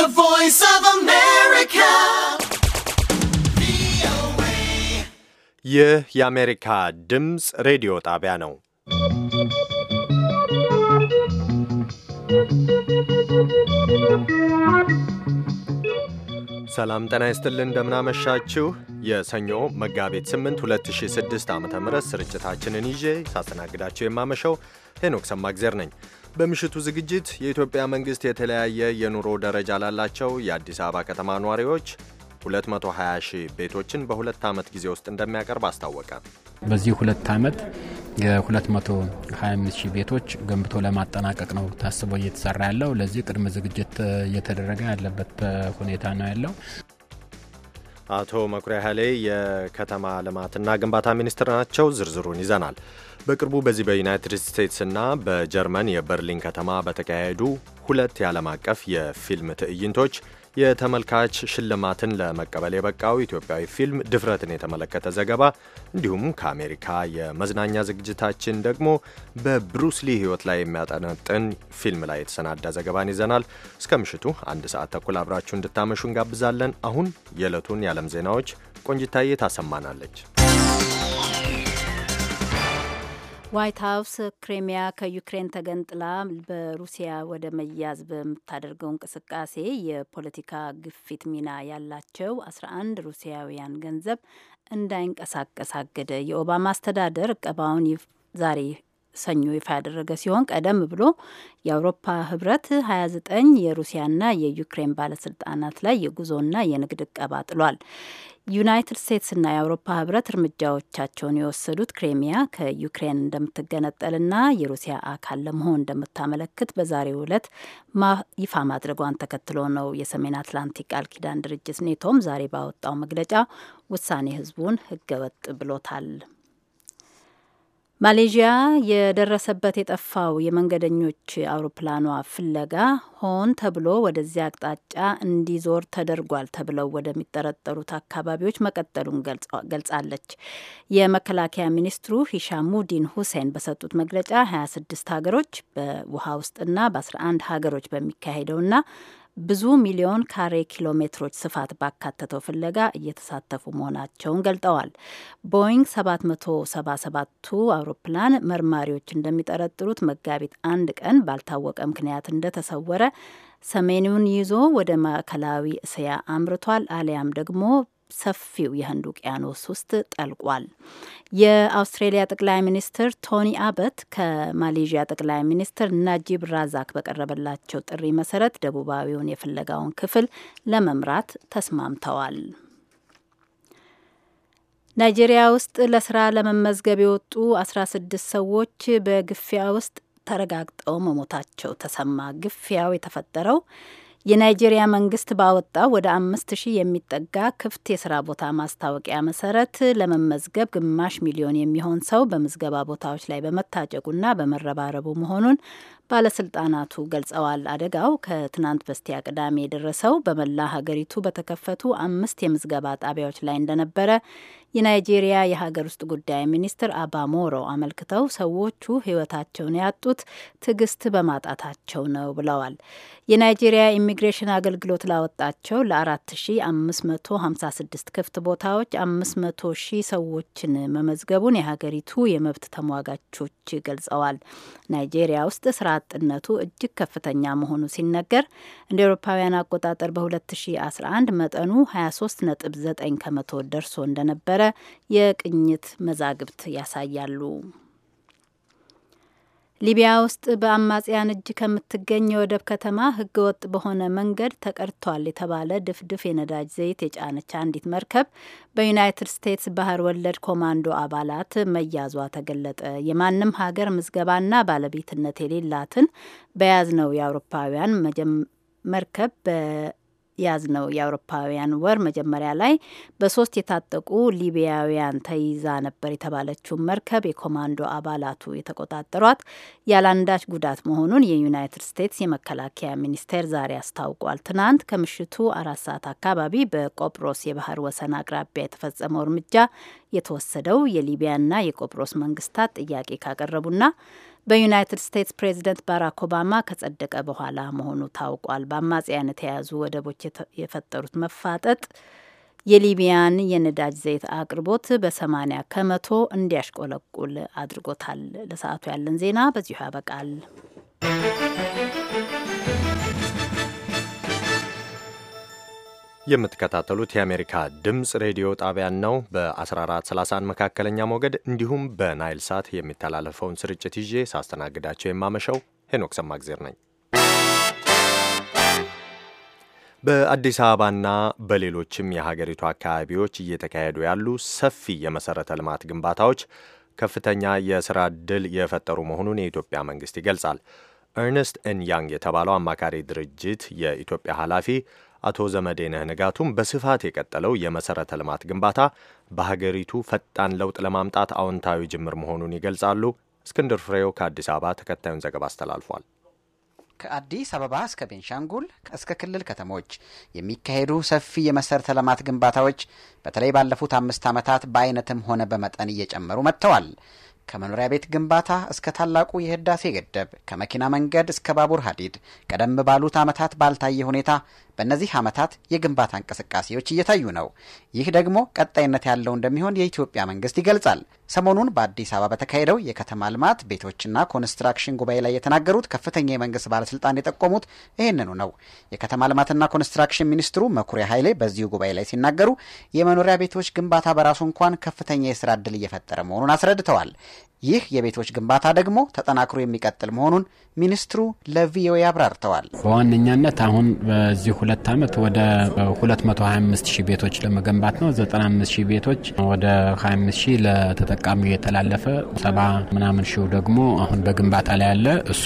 The Voice of America. ይህ የአሜሪካ ድምፅ ሬዲዮ ጣቢያ ነው። ሰላም ጤና ይስጥልን፣ እንደምናመሻችሁ። የሰኞ መጋቢት 8 2006 ዓ ም ስርጭታችንን ይዤ ሳስተናግዳችሁ የማመሸው ሄኖክ ሰማግዜር ነኝ። በምሽቱ ዝግጅት የኢትዮጵያ መንግሥት የተለያየ የኑሮ ደረጃ ላላቸው የአዲስ አበባ ከተማ ነዋሪዎች 220 ሺህ ቤቶችን በሁለት ዓመት ጊዜ ውስጥ እንደሚያቀርብ አስታወቀ። በዚህ ሁለት ዓመት የ225 ሺህ ቤቶች ገንብቶ ለማጠናቀቅ ነው ታስቦ እየተሰራ ያለው። ለዚህ ቅድመ ዝግጅት እየተደረገ ያለበት ሁኔታ ነው ያለው። አቶ መኩሪያ ሀሌ የከተማ ልማትና ግንባታ ሚኒስትር ናቸው። ዝርዝሩን ይዘናል። በቅርቡ በዚህ በዩናይትድ ስቴትስና በጀርመን የበርሊን ከተማ በተካሄዱ ሁለት የዓለም አቀፍ የፊልም ትዕይንቶች የተመልካች ሽልማትን ለመቀበል የበቃው ኢትዮጵያዊ ፊልም ድፍረትን የተመለከተ ዘገባ እንዲሁም ከአሜሪካ የመዝናኛ ዝግጅታችን ደግሞ በብሩስሊ ህይወት ሕይወት ላይ የሚያጠነጥን ፊልም ላይ የተሰናዳ ዘገባን ይዘናል። እስከ ምሽቱ አንድ ሰዓት ተኩል አብራችሁ እንድታመሹ እንጋብዛለን። አሁን የዕለቱን የዓለም ዜናዎች ቆንጅታዬ ታሰማናለች። ዋይት ሀውስ ክሬሚያ ከዩክሬን ተገንጥላ በሩሲያ ወደ መያዝ በምታደርገው እንቅስቃሴ የፖለቲካ ግፊት ሚና ያላቸው 11 ሩሲያውያን ገንዘብ እንዳይንቀሳቀስ አገደ። የኦባማ አስተዳደር እቀባውን ዛሬ ሰኞ ይፋ ያደረገ ሲሆን ቀደም ብሎ የአውሮፓ ህብረት 29 የሩሲያና የዩክሬን ባለስልጣናት ላይ የጉዞና የንግድ እቀባ ጥሏል። ዩናይትድ ስቴትስና የአውሮፓ ህብረት እርምጃዎቻቸውን የወሰዱት ክሬሚያ ከዩክሬን እንደምትገነጠልና የሩሲያ አካል ለመሆን እንደምታመለክት በዛሬው ዕለት ይፋ ማድረጓን ተከትሎ ነው። የሰሜን አትላንቲክ ቃል ኪዳን ድርጅት ኔቶም ዛሬ ባወጣው መግለጫ ውሳኔ ህዝቡን ህገወጥ ብሎታል። ማሌዥያ የደረሰበት የጠፋው የመንገደኞች አውሮፕላኗ ፍለጋ ሆን ተብሎ ወደዚያ አቅጣጫ እንዲዞር ተደርጓል ተብለው ወደሚጠረጠሩት አካባቢዎች መቀጠሉን ገልጻለች። የመከላከያ ሚኒስትሩ ሂሻሙዲን ሁሴን በሰጡት መግለጫ 26 ሀገሮች በውሃ ውስጥና በ11 ሀገሮች በሚካሄደውና ብዙ ሚሊዮን ካሬ ኪሎ ሜትሮች ስፋት ባካተተው ፍለጋ እየተሳተፉ መሆናቸውን ገልጠዋል። ቦይንግ 777ቱ አውሮፕላን መርማሪዎች እንደሚጠረጥሩት መጋቢት አንድ ቀን ባልታወቀ ምክንያት እንደተሰወረ ሰሜኑን ይዞ ወደ ማዕከላዊ እስያ አምርቷል አሊያም ደግሞ ሰፊው የህንድ ውቅያኖስ ውስጥ ጠልቋል። የአውስትሬሊያ ጠቅላይ ሚኒስትር ቶኒ አበት ከማሌዥያ ጠቅላይ ሚኒስትር ናጂብ ራዛክ በቀረበላቸው ጥሪ መሰረት ደቡባዊውን የፍለጋውን ክፍል ለመምራት ተስማምተዋል። ናይጄሪያ ውስጥ ለስራ ለመመዝገብ የወጡ 16 ሰዎች በግፊያ ውስጥ ተረጋግጠው መሞታቸው ተሰማ። ግፊያው የተፈጠረው የናይጄሪያ መንግስት ባወጣው ወደ አምስት ሺህ የሚጠጋ ክፍት የስራ ቦታ ማስታወቂያ መሰረት ለመመዝገብ ግማሽ ሚሊዮን የሚሆን ሰው በምዝገባ ቦታዎች ላይ በመታጨቁና በመረባረቡ መሆኑን ባለስልጣናቱ ገልጸዋል። አደጋው ከትናንት በስቲያ ቅዳሜ የደረሰው በመላ ሀገሪቱ በተከፈቱ አምስት የምዝገባ ጣቢያዎች ላይ እንደነበረ የናይጄሪያ የሀገር ውስጥ ጉዳይ ሚኒስትር አባሞሮ አመልክተው ሰዎቹ ሕይወታቸውን ያጡት ትዕግስት በማጣታቸው ነው ብለዋል። የናይጄሪያ ኢሚግሬሽን አገልግሎት ላወጣቸው ለ4556 ክፍት ቦታዎች 500 ሺህ ሰዎችን መመዝገቡን የሀገሪቱ የመብት ተሟጋቾች ገልጸዋል። ናይጄሪያ ውስጥ ስራ አጥነቱ እጅግ ከፍተኛ መሆኑ ሲነገር እንደ ኤሮፓውያን አቆጣጠር በ2011 መጠኑ 23.9 ከመቶ ደርሶ እንደነበረ የቅኝት መዛግብት ያሳያሉ። ሊቢያ ውስጥ በአማጽያን እጅ ከምትገኝ የወደብ ከተማ ወጥ በሆነ መንገድ ተቀድቷል የተባለ ድፍድፍ የነዳጅ ዘይት የጫነች አንዲት መርከብ በዩናይትድ ስቴትስ ባህር ወለድ ኮማንዶ አባላት መያዟ ተገለጠ። የማንም ሀገር ምዝገባና ባለቤትነት የሌላትን በያዝ ነው የአውሮፓውያን መርከብ ነው የአውሮፓውያን ወር መጀመሪያ ላይ በሶስት የታጠቁ ሊቢያውያን ተይዛ ነበር የተባለችውን መርከብ የኮማንዶ አባላቱ የተቆጣጠሯት ያለአንዳች ጉዳት መሆኑን የዩናይትድ ስቴትስ የመከላከያ ሚኒስቴር ዛሬ አስታውቋል። ትናንት ከምሽቱ አራት ሰዓት አካባቢ በቆጵሮስ የባህር ወሰን አቅራቢያ የተፈጸመው እርምጃ የተወሰደው የሊቢያና የቆጵሮስ መንግስታት ጥያቄ ካቀረቡና በዩናይትድ ስቴትስ ፕሬዚደንት ባራክ ኦባማ ከጸደቀ በኋላ መሆኑ ታውቋል። በአማጽያን የተያዙ ወደቦች የፈጠሩት መፋጠጥ የሊቢያን የነዳጅ ዘይት አቅርቦት በ ከመቶ እንዲያሽቆለቁል አድርጎታል። ለሰዓቱ ያለን ዜና በዚሁ ያበቃል። የምትከታተሉት የአሜሪካ ድምፅ ሬዲዮ ጣቢያን ነው። በ1431 መካከለኛ ሞገድ እንዲሁም በናይል ሳት የሚተላለፈውን ስርጭት ይዤ ሳስተናግዳቸው የማመሸው ሄኖክ ሰማግዜር ነኝ። በአዲስ አበባና በሌሎችም የሀገሪቱ አካባቢዎች እየተካሄዱ ያሉ ሰፊ የመሠረተ ልማት ግንባታዎች ከፍተኛ የሥራ ዕድል የፈጠሩ መሆኑን የኢትዮጵያ መንግሥት ይገልጻል። ኤርነስት ኤን ያንግ የተባለው አማካሪ ድርጅት የኢትዮጵያ ኃላፊ አቶ ዘመዴነህ ንጋቱም በስፋት የቀጠለው የመሰረተ ልማት ግንባታ በሀገሪቱ ፈጣን ለውጥ ለማምጣት አዎንታዊ ጅምር መሆኑን ይገልጻሉ። እስክንድር ፍሬው ከአዲስ አበባ ተከታዩን ዘገባ አስተላልፏል። ከአዲስ አበባ እስከ ቤንሻንጉል እስከ ክልል ከተሞች የሚካሄዱ ሰፊ የመሰረተ ልማት ግንባታዎች በተለይ ባለፉት አምስት ዓመታት በአይነትም ሆነ በመጠን እየጨመሩ መጥተዋል። ከመኖሪያ ቤት ግንባታ እስከ ታላቁ የህዳሴ ገደብ፣ ከመኪና መንገድ እስከ ባቡር ሀዲድ ቀደም ባሉት ዓመታት ባልታየ ሁኔታ በእነዚህ ዓመታት የግንባታ እንቅስቃሴዎች እየታዩ ነው። ይህ ደግሞ ቀጣይነት ያለው እንደሚሆን የኢትዮጵያ መንግስት ይገልጻል። ሰሞኑን በአዲስ አበባ በተካሄደው የከተማ ልማት ቤቶችና ኮንስትራክሽን ጉባኤ ላይ የተናገሩት ከፍተኛ የመንግስት ባለስልጣን የጠቆሙት ይህንኑ ነው። የከተማ ልማትና ኮንስትራክሽን ሚኒስትሩ መኩሪያ ኃይሌ በዚሁ ጉባኤ ላይ ሲናገሩ የመኖሪያ ቤቶች ግንባታ በራሱ እንኳን ከፍተኛ የስራ እድል እየፈጠረ መሆኑን አስረድተዋል። ይህ የቤቶች ግንባታ ደግሞ ተጠናክሮ የሚቀጥል መሆኑን ሚኒስትሩ ለቪኦኤ አብራርተዋል። በዋነኛነት አሁን በዚህ ሁለት ዓመት ወደ 225 ሺህ ቤቶች ለመገንባት ነው። 95 ሺህ ቤቶች ወደ 25 ሺህ ለተጠቃሚው የተላለፈ ሰባ ምናምን ሺው ደግሞ አሁን በግንባታ ላይ ያለ እሱ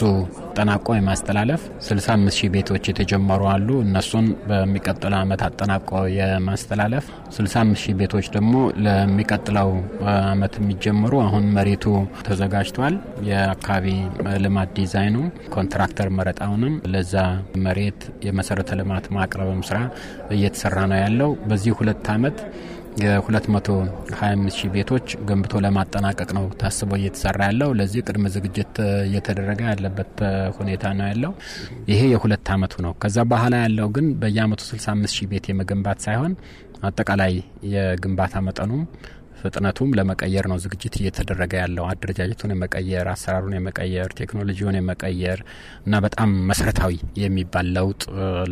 ጠናቆ የማስተላለፍ 65 ሺህ ቤቶች የተጀመሩ አሉ። እነሱን በሚቀጥለው ዓመት አጠናቆ የማስተላለፍ 65 ሺህ ቤቶች ደግሞ ለሚቀጥለው ዓመት የሚጀምሩ አሁን መሬቱ ተዘጋጅቷል። የአካባቢ ልማት ዲዛይኑ ኮንትራክተር መረጣውንም ለዛ መሬት የመሰረተ ልማት ማቅረብም ስራ እየተሰራ ነው ያለው በዚህ ሁለት ዓመት የ225 ሺህ ቤቶች ገንብቶ ለማጠናቀቅ ነው ታስቦ እየተሰራ ያለው። ለዚህ ቅድመ ዝግጅት እየተደረገ ያለበት ሁኔታ ነው ያለው። ይሄ የሁለት ዓመቱ ነው። ከዛ በኋላ ያለው ግን በየአመቱ 65 ሺህ ቤት የመገንባት ሳይሆን አጠቃላይ የግንባታ መጠኑም ፍጥነቱም ለመቀየር ነው ዝግጅት እየተደረገ ያለው። አደረጃጀቱን የመቀየር አሰራሩን የመቀየር ቴክኖሎጂውን የመቀየር እና በጣም መሰረታዊ የሚባል ለውጥ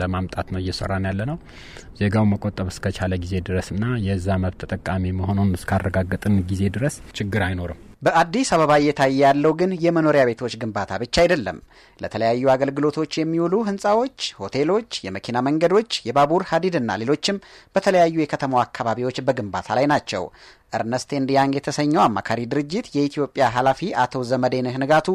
ለማምጣት ነው እየሰራን ያለ ነው። ዜጋው መቆጠብ እስከቻለ ጊዜ ድረስ እና የዛ መብት ተጠቃሚ መሆኑን እስካረጋገጥን ጊዜ ድረስ ችግር አይኖርም። በአዲስ አበባ እየታየ ያለው ግን የመኖሪያ ቤቶች ግንባታ ብቻ አይደለም። ለተለያዩ አገልግሎቶች የሚውሉ ህንፃዎች፣ ሆቴሎች፣ የመኪና መንገዶች፣ የባቡር ሀዲድና ሌሎችም በተለያዩ የከተማው አካባቢዎች በግንባታ ላይ ናቸው። እርነስት ኤንድ ያንግ የተሰኘው አማካሪ ድርጅት የኢትዮጵያ ኃላፊ አቶ ዘመዴንህ ንጋቱ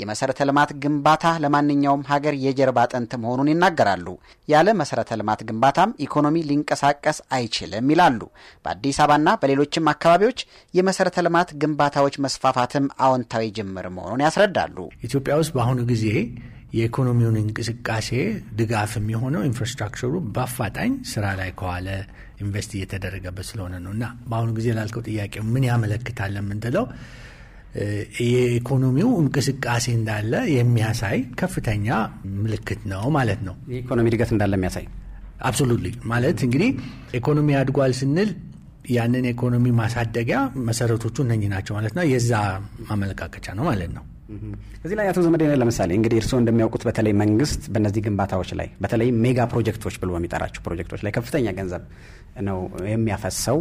የመሰረተ ልማት ግንባታ ለማንኛውም ሀገር የጀርባ አጥንት መሆኑን ይናገራሉ። ያለ መሰረተ ልማት ግንባታም ኢኮኖሚ ሊንቀሳቀስ አይችልም ይላሉ። በአዲስ አበባና በሌሎችም አካባቢዎች የመሰረተ ልማት ግንባታዎች መስፋፋትም አዎንታዊ ጅምር መሆኑን ያስረዳሉ። ኢትዮጵያ ውስጥ በአሁኑ ጊዜ የኢኮኖሚውን እንቅስቃሴ ድጋፍ የሚሆነው ኢንፍራስትራክቸሩ በአፋጣኝ ስራ ላይ ከዋለ ኢንቨስት እየተደረገበት ስለሆነ ነው። እና በአሁኑ ጊዜ ላልከው ጥያቄ ምን ያመለክታል የምንትለው የኢኮኖሚው እንቅስቃሴ እንዳለ የሚያሳይ ከፍተኛ ምልክት ነው ማለት ነው። የኢኮኖሚ እድገት እንዳለ የሚያሳይ አብሶሉትሊ። ማለት እንግዲህ ኢኮኖሚ አድጓል ስንል ያንን ኢኮኖሚ ማሳደጊያ መሰረቶቹ እነኚህ ናቸው ማለት ነው። የዛ ማመለካከቻ ነው ማለት ነው። እዚህ ላይ አቶ ዘመዴ ለምሳሌ እንግዲህ እርስዎ እንደሚያውቁት በተለይ መንግስት በእነዚህ ግንባታዎች ላይ በተለይ ሜጋ ፕሮጀክቶች ብሎ በሚጠራቸው ፕሮጀክቶች ላይ ከፍተኛ ገንዘብ ነው የሚያፈሰው።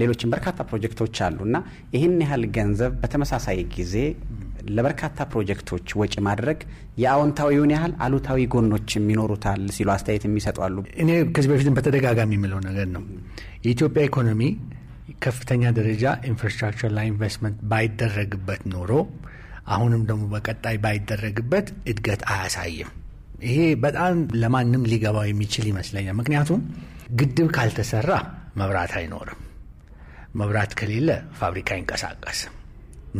ሌሎችም በርካታ ፕሮጀክቶች አሉ እና ይህን ያህል ገንዘብ በተመሳሳይ ጊዜ ለበርካታ ፕሮጀክቶች ወጪ ማድረግ የአዎንታዊውን ያህል አሉታዊ ጎኖችም ይኖሩታል ሲሉ አስተያየት የሚሰጡ አሉ። እኔ ከዚህ በፊትም በተደጋጋሚ የምለው ነገር ነው የኢትዮጵያ ኢኮኖሚ ከፍተኛ ደረጃ ኢንፍራስትራክቸር ላይ ኢንቨስትመንት ባይደረግበት ኖሮ አሁንም ደግሞ በቀጣይ ባይደረግበት እድገት አያሳይም። ይሄ በጣም ለማንም ሊገባው የሚችል ይመስለኛል። ምክንያቱም ግድብ ካልተሰራ መብራት አይኖርም። መብራት ከሌለ ፋብሪካ አይንቀሳቀስም።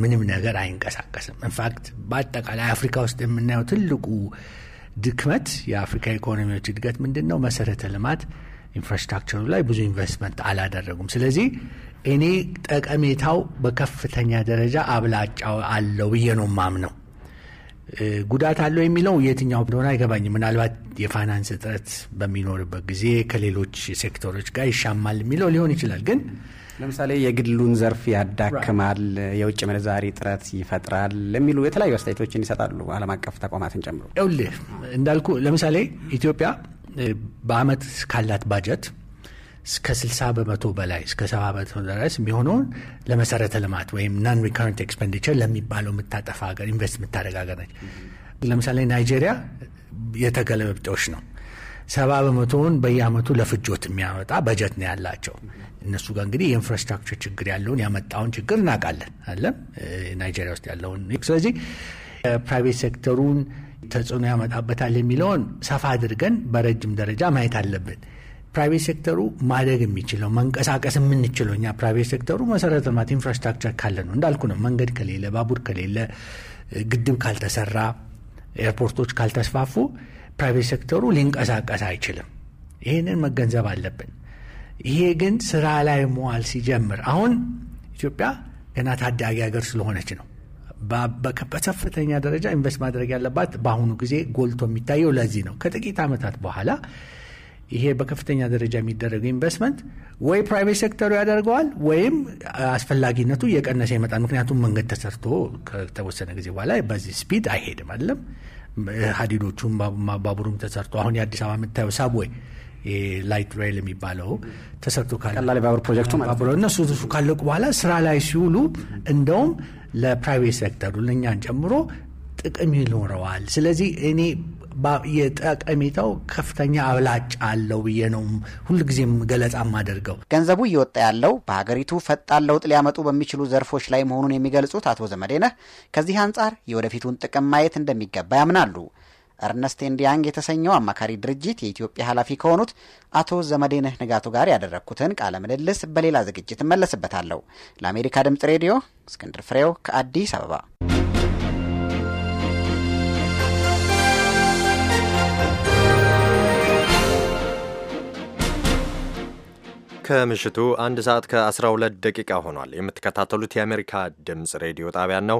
ምንም ነገር አይንቀሳቀስም። ኢንፋክት በአጠቃላይ አፍሪካ ውስጥ የምናየው ትልቁ ድክመት የአፍሪካ ኢኮኖሚዎች እድገት ምንድን ነው? መሰረተ ልማት ኢንፍራስትራክቸሩ ላይ ብዙ ኢንቨስትመንት አላደረጉም። ስለዚህ እኔ ጠቀሜታው በከፍተኛ ደረጃ አብላጫው አለው ብዬ ነው ማምነው። ጉዳት አለው የሚለው የትኛው እንደሆነ አይገባኝም። ምናልባት የፋይናንስ እጥረት በሚኖርበት ጊዜ ከሌሎች ሴክተሮች ጋር ይሻማል የሚለው ሊሆን ይችላል። ግን ለምሳሌ የግሉን ዘርፍ ያዳክማል፣ የውጭ ምንዛሪ እጥረት ይፈጥራል የሚሉ የተለያዩ አስተያየቶችን ይሰጣሉ፣ ዓለም አቀፍ ተቋማትን ጨምሮ። ይኸውልህ እንዳልኩ ለምሳሌ ኢትዮጵያ በአመት ካላት ባጀት እስከ 60 በመቶ በላይ እስከ 70 በመቶ ድረስ የሚሆነውን ለመሰረተ ልማት ወይም ናን ሪካረንት ኤክስፔንዲቸር ለሚባለው የምታጠፋ ሀገር ኢንቨስት የምታደረግ ሀገር ነች። ለምሳሌ ናይጄሪያ የተገለበብጦች ነው። ሰባ በመቶውን በየአመቱ ለፍጆት የሚያወጣ በጀት ነው ያላቸው። እነሱ ጋር እንግዲህ የኢንፍራስትራክቸር ችግር ያለውን ያመጣውን ችግር እናውቃለን፣ አለም ናይጄሪያ ውስጥ ያለውን። ስለዚህ ፕራይቬት ሴክተሩን ተጽዕኖ ያመጣበታል የሚለውን ሰፋ አድርገን በረጅም ደረጃ ማየት አለብን። ፕራይቬት ሴክተሩ ማደግ የሚችለው መንቀሳቀስ የምንችለው እኛ ፕራይቬት ሴክተሩ መሰረተ ልማት ኢንፍራስትራክቸር ካለ ነው። እንዳልኩ ነው፣ መንገድ ከሌለ፣ ባቡር ከሌለ፣ ግድብ ካልተሰራ፣ ኤርፖርቶች ካልተስፋፉ ፕራይቬት ሴክተሩ ሊንቀሳቀስ አይችልም። ይህንን መገንዘብ አለብን። ይሄ ግን ስራ ላይ መዋል ሲጀምር አሁን ኢትዮጵያ ገና ታዳጊ ሀገር ስለሆነች ነው በከፍተኛ ደረጃ ኢንቨስት ማድረግ ያለባት በአሁኑ ጊዜ ጎልቶ የሚታየው ለዚህ ነው። ከጥቂት ዓመታት በኋላ ይሄ በከፍተኛ ደረጃ የሚደረገው ኢንቨስትመንት ወይ ፕራይቬት ሴክተሩ ያደርገዋል ወይም አስፈላጊነቱ እየቀነሰ ይመጣል። ምክንያቱም መንገድ ተሰርቶ ከተወሰነ ጊዜ በኋላ በዚህ ስፒድ አይሄድም አለም ሀዲዶቹም ባቡሩም ተሰርቶ አሁን የአዲስ አበባ የምታየው ሳብወይ ላይት ሬል የሚባለው ተሰርቶ ካለ ባቡር ፕሮጀክቱ እነሱ ካለቁ በኋላ ስራ ላይ ሲውሉ እንደውም ለፕራይቬት ሴክተሩ ለእኛን ጨምሮ ጥቅም ይኖረዋል። ስለዚህ እኔ የጠቀሜታው ከፍተኛ አብላጭ አለው ብዬ ነው ሁልጊዜም ገለጻ ማደርገው። ገንዘቡ እየወጣ ያለው በሀገሪቱ ፈጣን ለውጥ ሊያመጡ በሚችሉ ዘርፎች ላይ መሆኑን የሚገልጹት አቶ ዘመዴነህ ከዚህ አንጻር የወደፊቱን ጥቅም ማየት እንደሚገባ ያምናሉ። እርነስት ኤንድ የተሰኘው አማካሪ ድርጅት የኢትዮጵያ ኃላፊ ከሆኑት አቶ ዘመዴነህ ንጋቱ ጋር ያደረግኩትን ቃለ ምልልስ በሌላ ዝግጅት እመለስበታለሁ። ለአሜሪካ ድምጽ ሬዲዮ እስክንድር ፍሬው ከአዲስ አበባ ከምሽቱ አንድ ሰዓት ከ12 ደቂቃ ሆኗል። የምትከታተሉት የአሜሪካ ድምፅ ሬዲዮ ጣቢያን ነው።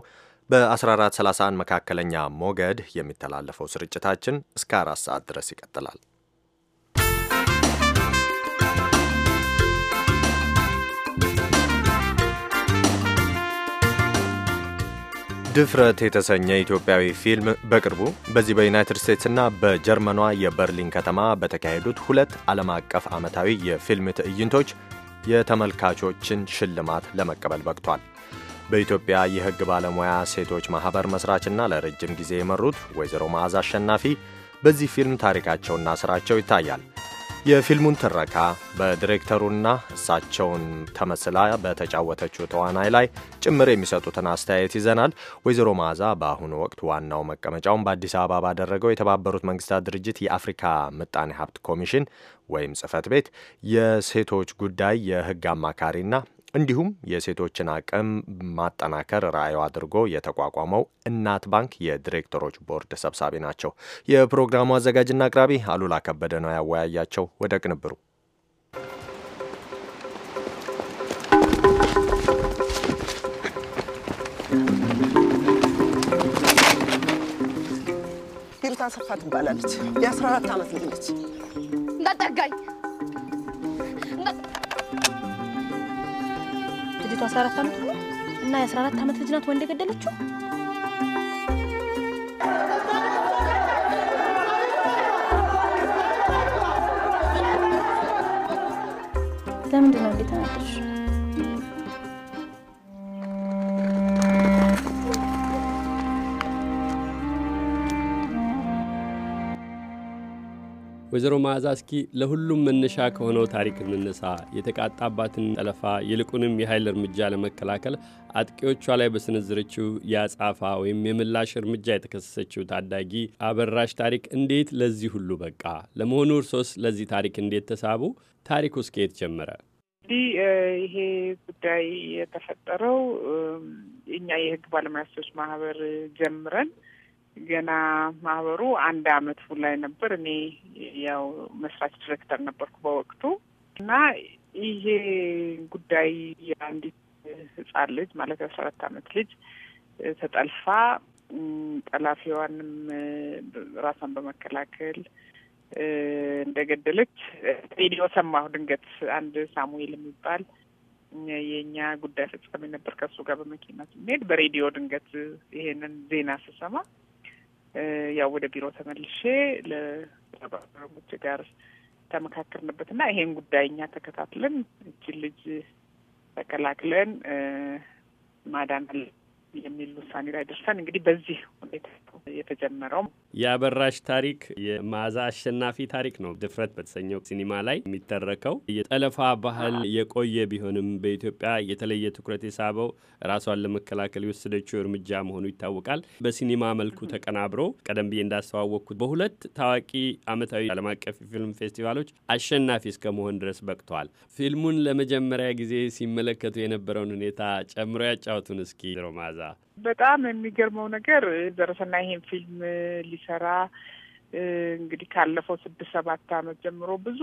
በ1431 መካከለኛ ሞገድ የሚተላለፈው ስርጭታችን እስከ አራት ሰዓት ድረስ ይቀጥላል። ድፍረት የተሰኘ ኢትዮጵያዊ ፊልም በቅርቡ በዚህ በዩናይትድ ስቴትስና በጀርመኗ የበርሊን ከተማ በተካሄዱት ሁለት ዓለም አቀፍ ዓመታዊ የፊልም ትዕይንቶች የተመልካቾችን ሽልማት ለመቀበል በቅቷል። በኢትዮጵያ የሕግ ባለሙያ ሴቶች ማኅበር መሥራችና ለረጅም ጊዜ የመሩት ወይዘሮ መዓዛ አሸናፊ በዚህ ፊልም ታሪካቸውና ሥራቸው ይታያል። የፊልሙን ትረካ በዲሬክተሩና እሳቸውን ተመስላ በተጫወተችው ተዋናይ ላይ ጭምር የሚሰጡትን አስተያየት ይዘናል። ወይዘሮ መዓዛ በአሁኑ ወቅት ዋናው መቀመጫውን በአዲስ አበባ ባደረገው የተባበሩት መንግስታት ድርጅት የአፍሪካ ምጣኔ ሀብት ኮሚሽን ወይም ጽህፈት ቤት የሴቶች ጉዳይ የህግ አማካሪና እንዲሁም የሴቶችን አቅም ማጠናከር ራዕዩ አድርጎ የተቋቋመው እናት ባንክ የዲሬክተሮች ቦርድ ሰብሳቢ ናቸው። የፕሮግራሙ አዘጋጅና አቅራቢ አሉላ ከበደ ነው ያወያያቸው። ወደ ቅንብሩ ሂሩት አሰፋ ትባላለች። የ14 ዓመት ልጅ ነች። እንዳጠጋኝ ልጅቷ 14 ዓመት ሆኖ እና የ14 ዓመት ልጅ ናት ወንድ የገደለችው። ለምንድን ነው እንደተናደድሽ? ወይዘሮ መዓዛ እስኪ ለሁሉም መነሻ ከሆነው ታሪክ እንነሳ። የተቃጣባትን ጠለፋ ይልቁንም የኃይል እርምጃ ለመከላከል አጥቂዎቿ ላይ በሰነዘረችው የአጻፋ ወይም የምላሽ እርምጃ የተከሰሰችው ታዳጊ አበራሽ ታሪክ እንዴት ለዚህ ሁሉ በቃ? ለመሆኑ እርሶስ ለዚህ ታሪክ እንዴት ተሳቡ? ታሪክ ውስጥ ከየት ጀመረ? እንግዲህ ይሄ ጉዳይ የተፈጠረው እኛ የህግ ባለሙያ ማህበር ጀምረን ገና ማህበሩ አንድ አመት ፉል ላይ ነበር። እኔ ያው መስራች ዲሬክተር ነበርኩ በወቅቱ እና ይሄ ጉዳይ የአንዲት ህጻን ልጅ ማለት የአስራ አራት አመት ልጅ ተጠልፋ ጠላፊዋንም ራሷን በመከላከል እንደገደለች ሬዲዮ ሰማሁ። ድንገት አንድ ሳሙኤል የሚባል የእኛ ጉዳይ ፍጻሜ ነበር። ከእሱ ጋር በመኪና ስንሄድ በሬዲዮ ድንገት ይሄንን ዜና ስሰማ ያው ወደ ቢሮ ተመልሼ ለባልደረቦቼ ጋር ተመካከርንበት እና ይሄን ጉዳይ እኛ ተከታትለን እችን ልጅ ተቀላቅለን ማዳን የሚል ውሳኔ ላይ ደርሰን እንግዲህ በዚህ ሁኔታ የተጀመረው የአበራሽ ታሪክ የመዓዛ አሸናፊ ታሪክ ነው። ድፍረት በተሰኘው ሲኒማ ላይ የሚተረከው የጠለፋ ባህል የቆየ ቢሆንም በኢትዮጵያ የተለየ ትኩረት የሳበው ራሷን ለመከላከል የወሰደችው እርምጃ መሆኑ ይታወቃል። በሲኒማ መልኩ ተቀናብሮ ቀደም ብዬ እንዳስተዋወቅኩት በሁለት ታዋቂ ዓመታዊ ዓለም አቀፍ የፊልም ፌስቲቫሎች አሸናፊ እስከመሆን ድረስ በቅተዋል። ፊልሙን ለመጀመሪያ ጊዜ ሲመለከቱ የነበረውን ሁኔታ ጨምሮ ያጫወቱን እስኪ ሮ መዓዛ በጣም የሚገርመው ነገር ደረሰና ይሄን ፊልም ሊሰራ እንግዲህ ካለፈው ስድስት ሰባት ዓመት ጀምሮ ብዙ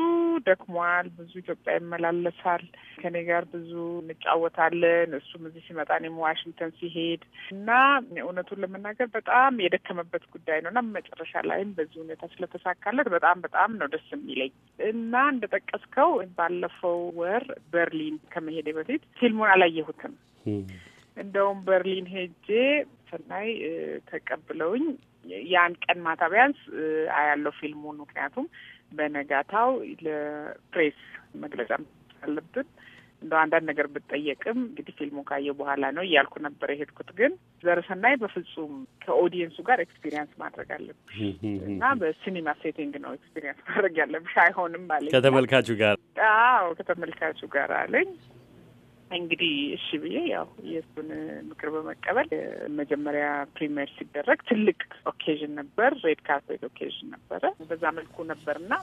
ደክሟል። ብዙ ኢትዮጵያ ይመላለሳል። ከኔ ጋር ብዙ እንጫወታለን። እሱም እዚህ ሲመጣ እኔም ዋሽንግተን ሲሄድ እና እውነቱን ለመናገር በጣም የደከመበት ጉዳይ ነው እና መጨረሻ ላይም በዚህ ሁኔታ ስለተሳካለት በጣም በጣም ነው ደስ የሚለኝ እና እንደጠቀስከው ባለፈው ወር በርሊን ከመሄዴ በፊት ፊልሙን አላየሁትም እንደውም በርሊን ሄጄ ስናይ ተቀብለውኝ ያን ቀን ማታ ቢያንስ አያለው ፊልሙን። ምክንያቱም በነጋታው ለፕሬስ መግለጫ አለብን። እንደ አንዳንድ ነገር ብጠየቅም እንግዲህ ፊልሙ ካየ በኋላ ነው እያልኩ ነበር የሄድኩት። ግን ዘረሰናይ በፍጹም ከኦዲየንሱ ጋር ኤክስፒሪየንስ ማድረግ አለብሽ እና በሲኒማ ሴቲንግ ነው ኤክስፒሪየንስ ማድረግ ያለብሽ አይሆንም አለኝ። ከተመልካቹ ጋር አዎ ከተመልካቹ ጋር አለኝ። እንግዲህ እሺ ብዬ ያው የእሱን ምክር በመቀበል መጀመሪያ ፕሪሚየር ሲደረግ ትልቅ ኦኬዥን ነበር፣ ሬድ ካርፔት ኦኬዥን ነበረ። በዛ መልኩ ነበርና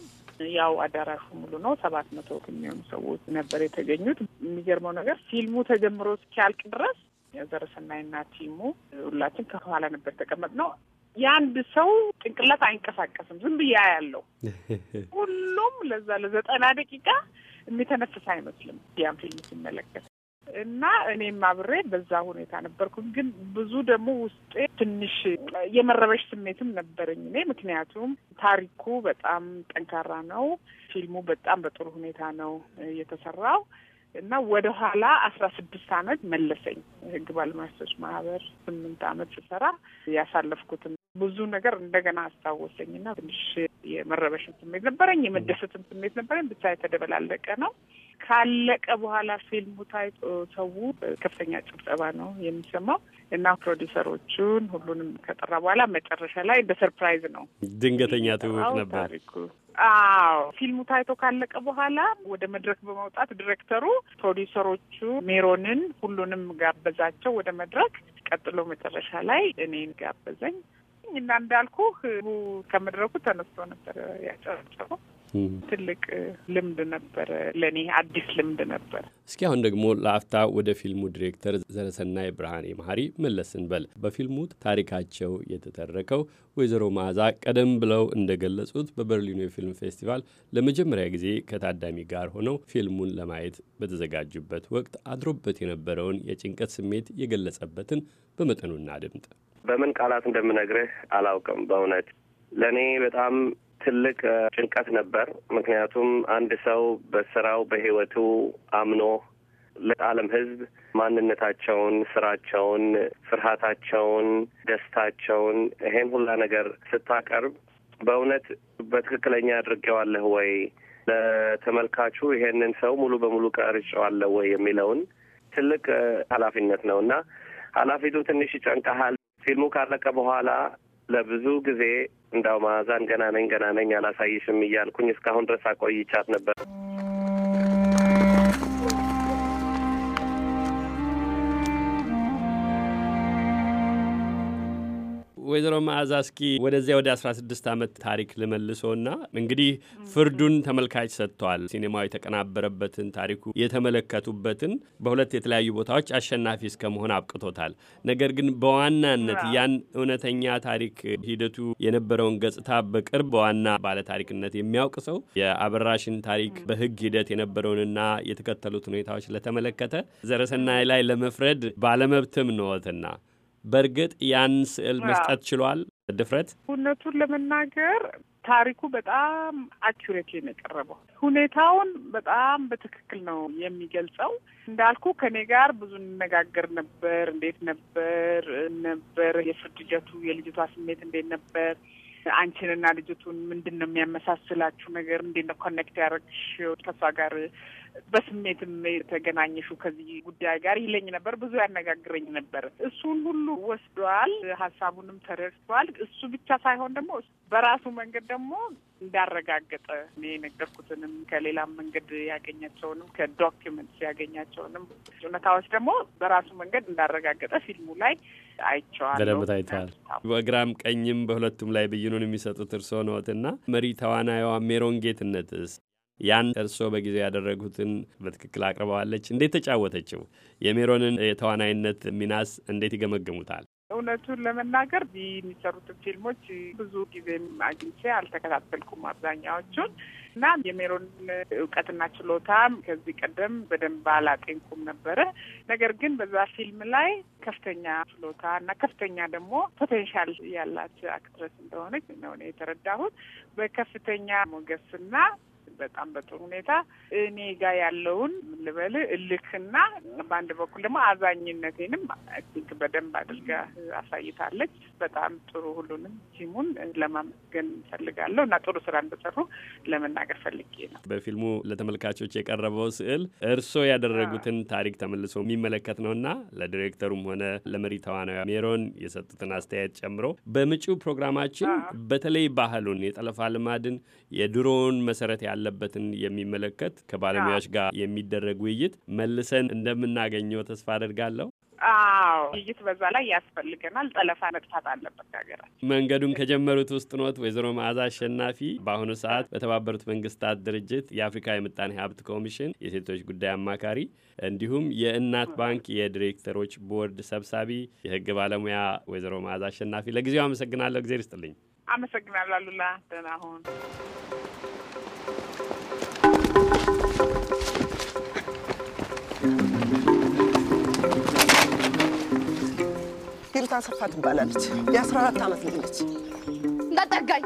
ያው አዳራሹ ሙሉ ነው። ሰባት መቶ የሚሆኑ ሰዎች ነበር የተገኙት። የሚገርመው ነገር ፊልሙ ተጀምሮ እስኪያልቅ ድረስ ዘርሰናይና ቲሙ ሁላችን ከኋላ ነበር ተቀመጥ ነው። የአንድ ሰው ጭንቅላት አይንቀሳቀስም። ዝም ብያ ያለው ሁሉም ለዛ ለዘጠና ደቂቃ የሚተነፍስ አይመስልም። ያም ፊልም ሲመለከት እና እኔም አብሬ በዛ ሁኔታ ነበርኩ። ግን ብዙ ደግሞ ውስጤ ትንሽ የመረበሽ ስሜትም ነበረኝ እኔ ምክንያቱም ታሪኩ በጣም ጠንካራ ነው። ፊልሙ በጣም በጥሩ ሁኔታ ነው የተሰራው እና ወደ ኋላ አስራ ስድስት አመት መለሰኝ። ህግ ባለሙያዎች ማህበር ስምንት አመት ስሰራ ያሳለፍኩትን ብዙ ነገር እንደገና አስታወሰኝና ትንሽ የመረበሽን ስሜት ነበረኝ፣ የመደሰትን ስሜት ነበረኝ። ብቻ የተደበላለቀ ነው። ካለቀ በኋላ ፊልሙ ታይቶ ሰው ከፍተኛ ጭብጨባ ነው የሚሰማው እና ፕሮዲሰሮቹን ሁሉንም ከጠራ በኋላ መጨረሻ ላይ በሰርፕራይዝ ነው። ድንገተኛ ትውውቅ ነበር አዎ ፊልሙ ታይቶ ካለቀ በኋላ ወደ መድረክ በመውጣት ዲሬክተሩ ፕሮዲሰሮቹ ሜሮንን ሁሉንም ጋበዛቸው ወደ መድረክ። ቀጥሎ መጨረሻ ላይ እኔን ጋበዘኝ። እና እንዳልኩ ከመድረኩ ተነስቶ ነበር ያጨረጨረው። ትልቅ ልምድ ነበረ፣ ለእኔ አዲስ ልምድ ነበር። እስኪ አሁን ደግሞ ለአፍታ ወደ ፊልሙ ዲሬክተር ዘረሰናይ ብርሃኔ መሀሪ መለስ እንበል። በፊልሙ ታሪካቸው የተተረከው ወይዘሮ መዓዛ ቀደም ብለው እንደገለጹት በበርሊኑ የፊልም ፌስቲቫል ለመጀመሪያ ጊዜ ከታዳሚ ጋር ሆነው ፊልሙን ለማየት በተዘጋጁበት ወቅት አድሮበት የነበረውን የጭንቀት ስሜት የገለጸበትን በመጠኑና ድምጥ በምን ቃላት እንደምነግርህ አላውቅም። በእውነት ለእኔ በጣም ትልቅ ጭንቀት ነበር። ምክንያቱም አንድ ሰው በስራው በህይወቱ አምኖ ለዓለም ህዝብ ማንነታቸውን፣ ስራቸውን፣ ፍርሃታቸውን፣ ደስታቸውን ይሄን ሁላ ነገር ስታቀርብ በእውነት በትክክለኛ አድርጌዋለሁ ወይ ለተመልካቹ ይሄንን ሰው ሙሉ በሙሉ ቀርጬዋለሁ ወይ የሚለውን ትልቅ ኃላፊነት ነው እና ኃላፊቱ ትንሽ ይጨንቀሃል። ፊልሙ ካለቀ በኋላ ለብዙ ጊዜ እንዳው ማዛን ገና ነኝ ገና ነኝ አላሳይሽም እያልኩኝ እስካሁን ድረስ አቆይቻት ነበር። ወይዘሮ መዓዛ እስኪ ወደዚያ ወደ 16 ዓመት ታሪክ ልመልሶና እንግዲህ ፍርዱን ተመልካች ሰጥቷል። ሲኔማው የተቀናበረበትን ታሪኩ የተመለከቱበትን በሁለት የተለያዩ ቦታዎች አሸናፊ እስከመሆን አብቅቶታል። ነገር ግን በዋናነት ያን እውነተኛ ታሪክ ሂደቱ የነበረውን ገጽታ በቅርብ በዋና ባለታሪክነት የሚያውቅ ሰው የአበራሽን ታሪክ በህግ ሂደት የነበረውንና የተከተሉት ሁኔታዎች ለተመለከተ ዘረሰናይ ላይ ለመፍረድ ባለመብትም ነዎትና በእርግጥ ያን ስዕል መስጠት ችሏል ድፍረት እውነቱን ለመናገር ታሪኩ በጣም አኪሬት ነው የቀረበው። ሁኔታውን በጣም በትክክል ነው የሚገልጸው። እንዳልኩ ከኔ ጋር ብዙ እንነጋገር ነበር። እንዴት ነበር ነበር የፍርድ ልጀቱ የልጅቷ ስሜት እንዴት ነበር? አንቺንና ልጅቱን ምንድን ነው የሚያመሳስላችሁ ነገር? እንዴት ነው ኮኔክት ያደረግሽ ከሷ ጋር በስሜትም የተገናኘሹ ከዚህ ጉዳይ ጋር ይለኝ ነበር። ብዙ ያነጋግረኝ ነበር። እሱን ሁሉ ወስዷል። ሀሳቡንም ተረድቷል። እሱ ብቻ ሳይሆን ደግሞ በራሱ መንገድ ደግሞ እንዳረጋገጠ የነገርኩትንም ከሌላም መንገድ ያገኛቸውንም ከዶኪመንትስ ያገኛቸውንም እውነታዎች ደግሞ በራሱ መንገድ እንዳረጋገጠ ፊልሙ ላይ አይቸዋል። በደንብ ታይተዋል። በግራም ቀኝም በሁለቱም ላይ ብይኑን የሚሰጡት እርስዎ ነዎትና መሪ ተዋናይዋ ሜሮን ጌትነትስ ያን እርስዎ በጊዜው ያደረጉትን በትክክል አቅርበዋለች። እንዴት ተጫወተችው? የሜሮንን የተዋናይነት ሚናስ እንዴት ይገመገሙታል? እውነቱን ለመናገር የሚሰሩትን ፊልሞች ብዙ ጊዜ አግኝቼ አልተከታተልኩም አብዛኛዎቹን እና የሜሮን እውቀትና ችሎታም ከዚህ ቀደም በደንብ አላጤንኩም ነበረ። ነገር ግን በዛ ፊልም ላይ ከፍተኛ ችሎታ እና ከፍተኛ ደግሞ ፖቴንሻል ያላት አክትረስ እንደሆነች ነው የተረዳሁት። በከፍተኛ ሞገስና በጣም በጥሩ ሁኔታ እኔ ጋር ያለውን ልበል እልክና በአንድ በኩል ደግሞ አዛኝነቴንም ቲንክ በደንብ አድርጋ አሳይታለች። በጣም ጥሩ ሁሉንም ቲሙን ለማመስገን ፈልጋለሁ እና ጥሩ ስራ እንደሰሩ ለመናገር ፈልጌ ነው። በፊልሙ ለተመልካቾች የቀረበው ስዕል እርስዎ ያደረጉትን ታሪክ ተመልሶ የሚመለከት ነውና ለዲሬክተሩም ሆነ ለመሪ ተዋናያ ሜሮን የሰጡትን አስተያየት ጨምሮ በምጪው ፕሮግራማችን በተለይ ባህሉን፣ የጠለፋ ልማድን፣ የድሮውን መሰረት ያለ ያለበትን የሚመለከት ከባለሙያዎች ጋር የሚደረግ ውይይት መልሰን እንደምናገኘው ተስፋ አደርጋለሁ። አዎ ውይይት በዛ ላይ ያስፈልገናል። ጠለፋ መጥፋት አለበት ሀገራችን። መንገዱን ከጀመሩት ውስጥ ኖት ወይዘሮ መዓዛ አሸናፊ በአሁኑ ሰዓት በተባበሩት መንግስታት ድርጅት የአፍሪካ የምጣኔ ሀብት ኮሚሽን የሴቶች ጉዳይ አማካሪ እንዲሁም የእናት ባንክ የዲሬክተሮች ቦርድ ሰብሳቢ የህግ ባለሙያ ወይዘሮ መዓዛ አሸናፊ ለጊዜው አመሰግናለሁ። እግዜር ይስጥልኝ። አመሰግናለሁ አሉላ። ደህና ሁን። ሂሩት አሰፋ ትባላለች። የ የ14 ዓመት ልጅ ነች። እንዳጠጋኝ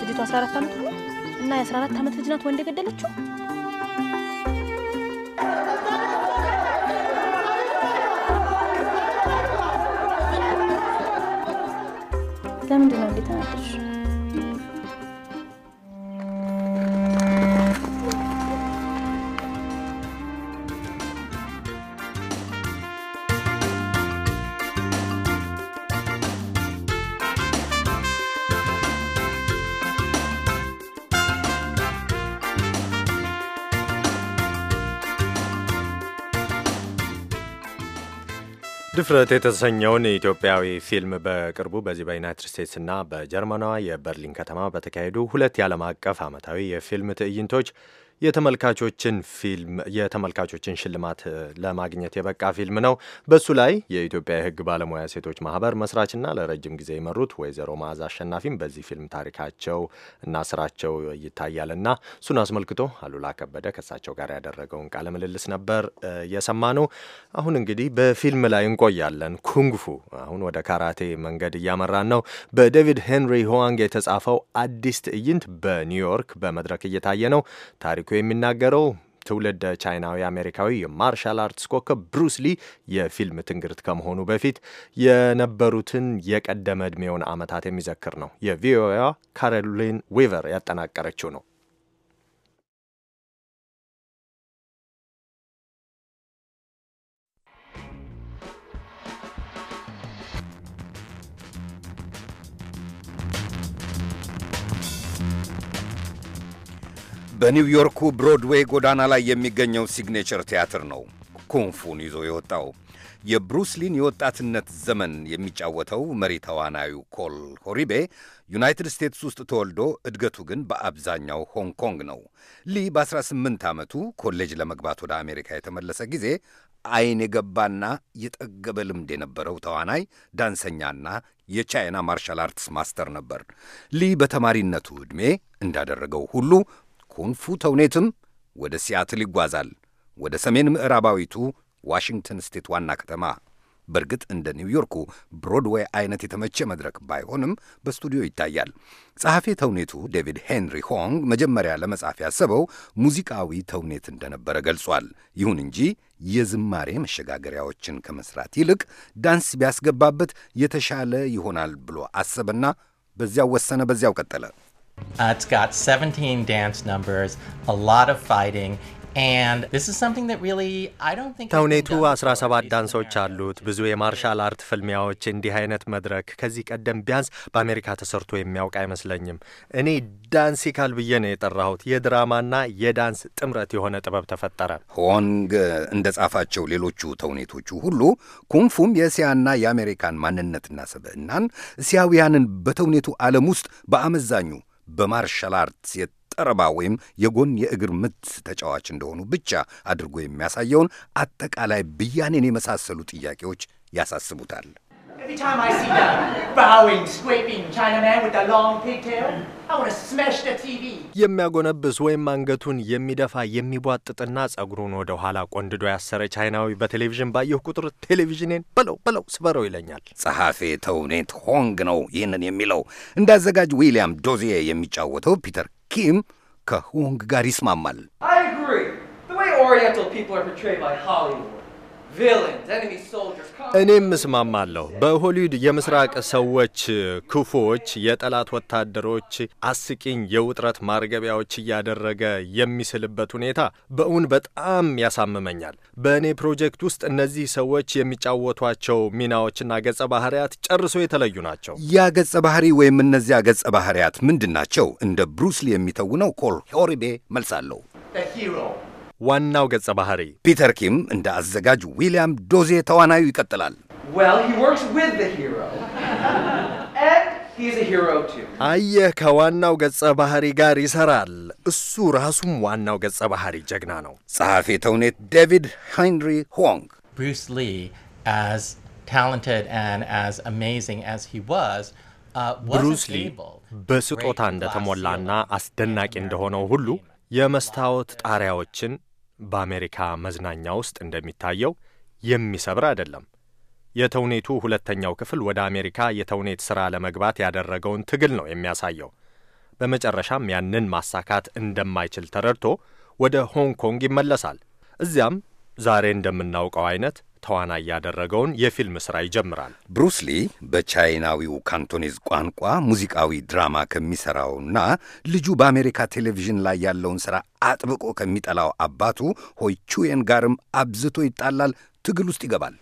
ልጅቷ 14 ዓመት እና የ14 ዓመት ልጅ ናት ወንድ የገደለችው ለምንድን ነው? ድፍረት የተሰኘውን ኢትዮጵያዊ ፊልም በቅርቡ በዚህ በዩናይትድ ስቴትስና በጀርመናዋ የበርሊን ከተማ በተካሄዱ ሁለት የዓለም አቀፍ ዓመታዊ የፊልም ትዕይንቶች የተመልካቾችን ፊልም የተመልካቾችን ሽልማት ለማግኘት የበቃ ፊልም ነው። በሱ ላይ የኢትዮጵያ የሕግ ባለሙያ ሴቶች ማህበር መስራችና ለረጅም ጊዜ የመሩት ወይዘሮ መዓዛ አሸናፊም በዚህ ፊልም ታሪካቸው እና ስራቸው ይታያልና እሱን አስመልክቶ አሉላ ከበደ ከእሳቸው ጋር ያደረገውን ቃለ ምልልስ ነበር ነው አሁን እንግዲህ በፊልም ላይ እንቆያለን። ኩንግፉ አሁን ወደ ካራቴ መንገድ እያመራን ነው። በዴቪድ ሄንሪ ሆዋንግ የተጻፈው አዲስ ትዕይንት በኒውዮርክ በመድረክ እየታየ ነው ታሪኩ ፒኖኪዮ የሚናገረው ትውልድ ቻይናዊ አሜሪካዊ የማርሻል አርትስ ኮከብ ብሩስ ሊ የፊልም ትንግርት ከመሆኑ በፊት የነበሩትን የቀደመ ዕድሜውን ዓመታት የሚዘክር ነው። የቪኦኤዋ ካሮሊን ዊቨር ያጠናቀረችው ነው። በኒውዮርኩ ብሮድዌይ ጎዳና ላይ የሚገኘው ሲግኔቸር ቲያትር ነው ኩንፉን ይዞ የወጣው። የብሩስሊን የወጣትነት ዘመን የሚጫወተው መሪ ተዋናዩ ኮል ሆሪቤ ዩናይትድ ስቴትስ ውስጥ ተወልዶ እድገቱ ግን በአብዛኛው ሆንግ ኮንግ ነው። ሊ በ18 ዓመቱ ኮሌጅ ለመግባት ወደ አሜሪካ የተመለሰ ጊዜ አይን የገባና የጠገበ ልምድ የነበረው ተዋናይ፣ ዳንሰኛና የቻይና ማርሻል አርትስ ማስተር ነበር። ሊ በተማሪነቱ ዕድሜ እንዳደረገው ሁሉ ኩንፉ ተውኔትም ወደ ሲያትል ይጓዛል፣ ወደ ሰሜን ምዕራባዊቱ ዋሽንግተን ስቴት ዋና ከተማ። በእርግጥ እንደ ኒውዮርኩ ብሮድዌይ አይነት የተመቸ መድረክ ባይሆንም በስቱዲዮ ይታያል። ጸሐፊ ተውኔቱ ዴቪድ ሄንሪ ሆንግ መጀመሪያ ለመጻፍ ያሰበው ሙዚቃዊ ተውኔት እንደነበረ ገልጿል። ይሁን እንጂ የዝማሬ መሸጋገሪያዎችን ከመስራት ይልቅ ዳንስ ቢያስገባበት የተሻለ ይሆናል ብሎ አሰበና በዚያው ወሰነ፣ በዚያው ቀጠለ። Uh, it's got 17 dance numbers, a lot of fighting, ተውኔቱ 17 ዳንሶች አሉት። ብዙ የማርሻል አርት ፍልሚያዎች። እንዲህ አይነት መድረክ ከዚህ ቀደም ቢያንስ በአሜሪካ ተሰርቶ የሚያውቅ አይመስለኝም። እኔ ዳንሲካል ብዬ ነው የጠራሁት። የድራማና የዳንስ ጥምረት የሆነ ጥበብ ተፈጠረ። ሆንግ እንደ ጻፋቸው ሌሎቹ ተውኔቶቹ ሁሉ ኩንፉም የእስያና የአሜሪካን ማንነትና ስብዕናን እስያውያንን በተውኔቱ ዓለም ውስጥ በአመዛኙ በማርሻል አርትስ የጠረባ ወይም የጎን የእግር ምት ተጫዋች እንደሆኑ ብቻ አድርጎ የሚያሳየውን አጠቃላይ ብያኔን የመሳሰሉ ጥያቄዎች ያሳስቡታል። Every time I see that bowing, scraping Chinaman with the long pigtail, I want to smash the TV. የሚያጎነብስ ወይም አንገቱን የሚደፋ የሚቧጥጥና ጸጉሩን ወደ ኋላ ቆንድዶ ያሰረ ቻይናዊ በቴሌቪዥን ባየሁ ቁጥር ቴሌቪዥኔን በለው በለው ስበረው ይለኛል። ጸሐፌ ተውኔት ሆንግ ነው ይህንን የሚለው። እንዳዘጋጅ ዊሊያም ዶዚዬ የሚጫወተው ፒተር ኪም ከሆንግ ጋር ይስማማል። I agree. The way Oriental people are portrayed by Hollywood. እኔም እስማማለሁ። በሆሊውድ የምስራቅ ሰዎች ክፉዎች፣ የጠላት ወታደሮች፣ አስቂኝ የውጥረት ማርገቢያዎች እያደረገ የሚስልበት ሁኔታ በእውን በጣም ያሳምመኛል። በእኔ ፕሮጀክት ውስጥ እነዚህ ሰዎች የሚጫወቷቸው ሚናዎችና ገጸ ባህሪያት ጨርሶ የተለዩ ናቸው። ያ ገጸ ባህሪ ወይም እነዚያ ገጸ ባህርያት ምንድን ናቸው? እንደ ብሩስሊ የሚተውነው ኮል ሆሪቤ መልሳለሁ። ዋናው ገጸ ባህሪ። ፒተር ኪም እንደ አዘጋጅ ዊልያም ዶዜ ተዋናዩ ይቀጥላል። አየህ ከዋናው ገጸ ባህሪ ጋር ይሰራል። እሱ ራሱም ዋናው ገጸ ባህሪ ጀግና ነው። ጸሐፊ ተውኔት ዴቪድ ሄንሪ ሆንግ ብሩስ ሊ ብሩስ ሊ በስጦታ እንደተሞላና አስደናቂ እንደሆነው ሁሉ የመስታወት ጣሪያዎችን በአሜሪካ መዝናኛ ውስጥ እንደሚታየው የሚሰብር አይደለም። የተውኔቱ ሁለተኛው ክፍል ወደ አሜሪካ የተውኔት ሥራ ለመግባት ያደረገውን ትግል ነው የሚያሳየው። በመጨረሻም ያንን ማሳካት እንደማይችል ተረድቶ ወደ ሆንግ ኮንግ ይመለሳል። እዚያም ዛሬ እንደምናውቀው አይነት ተዋናይ ያደረገውን የፊልም ስራ ይጀምራል። ብሩስ ሊ በቻይናዊው ካንቶኔዝ ቋንቋ ሙዚቃዊ ድራማ ከሚሰራውና ልጁ በአሜሪካ ቴሌቪዥን ላይ ያለውን ስራ አጥብቆ ከሚጠላው አባቱ ሆይ ቹየን ጋርም አብዝቶ ይጣላል፣ ትግል ውስጥ ይገባል።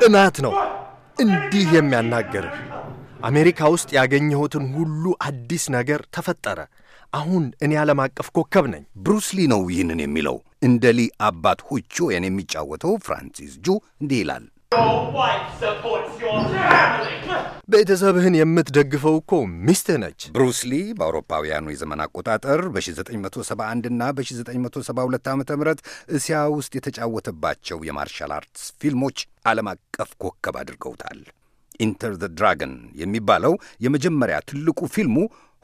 ቅናት ነው እንዲህ የሚያናገርህ። አሜሪካ ውስጥ ያገኘሁትን ሁሉ አዲስ ነገር ተፈጠረ አሁን እኔ ዓለም አቀፍ ኮከብ ነኝ። ብሩስ ሊ ነው ይህንን የሚለው። እንደ ሊ አባት የን የሚጫወተው ፍራንሲስ ጁ እንዲህ ይላል። ቤተሰብህን የምትደግፈው እኮ ሚስትህ ነች። ብሩስ ሊ በአውሮፓውያኑ የዘመን አቆጣጠር በ1971 እና በ1972 ዓ ም እስያ ውስጥ የተጫወተባቸው የማርሻል አርትስ ፊልሞች ዓለም አቀፍ ኮከብ አድርገውታል። ኢንተር ዘ ድራገን የሚባለው የመጀመሪያ ትልቁ ፊልሙ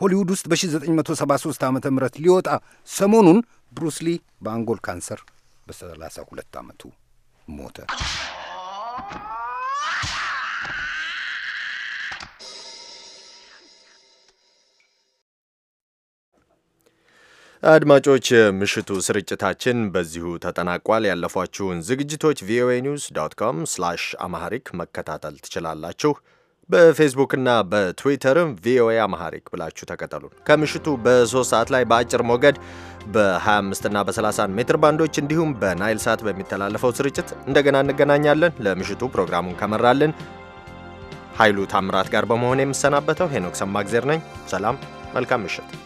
ሆሊውድ ውስጥ በ1973 ዓ ም ሊወጣ ሰሞኑን ብሩስ ሊ በአንጎል ካንሰር በ32 ዓመቱ ሞተ። አድማጮች ምሽቱ ስርጭታችን በዚሁ ተጠናቋል። ያለፏችሁን ዝግጅቶች ቪኦኤ ኒውስ ዶት ኮም ስላሽ አማሐሪክ መከታተል ትችላላችሁ። በፌስቡክና በትዊተርም ቪኦኤ አማሐሪክ ብላችሁ ተከተሉን። ከምሽቱ በሶስት ሰዓት ላይ በአጭር ሞገድ በ25ና በ30 ሜትር ባንዶች እንዲሁም በናይል ሳት በሚተላለፈው ስርጭት እንደገና እንገናኛለን። ለምሽቱ ፕሮግራሙን ከመራልን ኃይሉ ታምራት ጋር በመሆን የምሰናበተው ሄኖክ ሰማግዜር ነኝ። ሰላም፣ መልካም ምሽት።